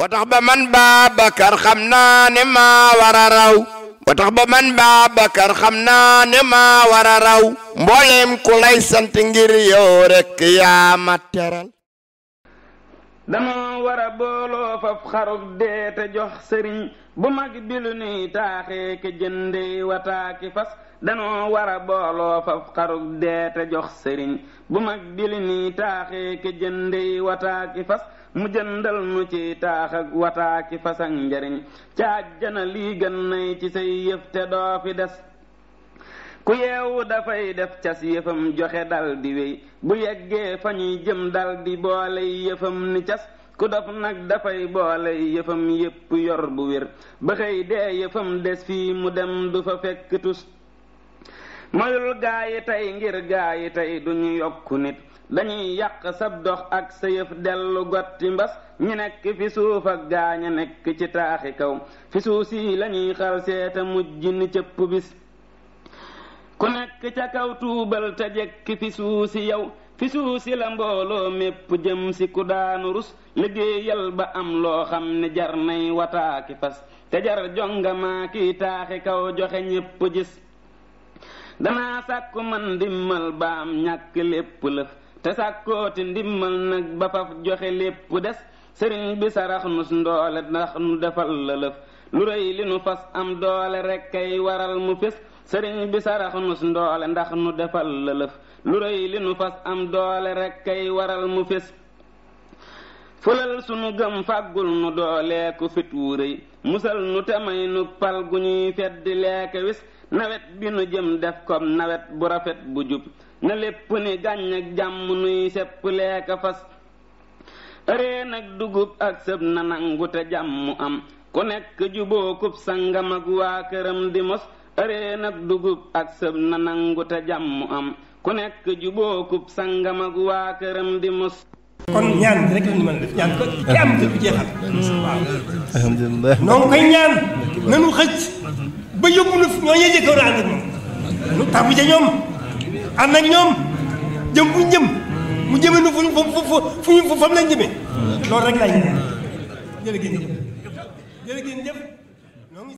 ba tax ba man bakar xam naa ne maa war raw ba tax ba man Babacar xam naa ne ma wara raw mbooleem ku lay sant ngir yow rek yaa teral danoo war a booloo xarug dee jox sëriñ bu mag bi lu nuy taaxee ke jëndee wataaki fas danoo wara a booloo faf xarug dee jox sëriñ bu mag bi lu ke jëndee wataaki fas mu jëndal mu ci taax ak wataa fasan njariñ ca àjjana lii gën nay ci say yëf te doo fi des ku yeewu dafay def cas yëfam joxe dal wéy bu yeggee fa jëm dal di boole yëfam ni cas ku dof nag dafay boole yëfam yépp yor bu wér ba xëy dee yëfam des fii mu dem du fa fekk tus mayul gaa yi tey ngir gaa yi tey duñu yokk nit dañuy yàq sab dox ak sa yëf dellu gotti mbas ñi nekk fi suuf ak gaa ña nekk ci taaxi kaw fi suuf lañuy xal seeta mujj ni cëpp bis ku ca kaw tuubal te jekki fi si yow fi si la mbooloo mépp jëm si ku daanu rus liggéeyal ba am loo xam ne jar nay wataaki fas te jar jonga taaxi kaw joxe ñépp gis danaa sàkku man ndimmal ba am ñàkk lépp lëf te sàkkooti ndimmal nag ba faf joxe lépp des sëriñ bi sarax nu ndoole ndax nu defal la lëf lu rëy li nu fas am doole rekk ay waral mu fés sëriñ bi sarax nu ndoole ndax nu defal la lëf lu rëy li nu fas am doole rekk kay waral mu fés fulal sunu gëm fàggul nu dooleeku fit wu rëy musal nu te may nu pal gu ñuy fedd leeke wis nawet bi nu jëm def kom nawet bu rafet bu jub na lépp ni gàññ ak jàmm nuy sepp leeka fas reen nag dugub ak sëb na nangu te jàmm am ku nekk jubookub sàngama gu waa këram di mos reen ak dugub ak sëb na nangu te jàmm am ku nekk jubookub sangam ak waa këram di mos kon ñaan rek la ñu mën a def ñaan ko ki am te du jeexal. waaw alhamdulilah. noonu koy ñaan nanu xëcc ba yóbbu na ñoo ñee jëkk war a ànd ak moom. nu tàbbu ca ñoom ànd ñoom jëm fu ñu jëm mu jëmee nu fu ñu fu ñu fa mu leen jëmee loolu rek ñaan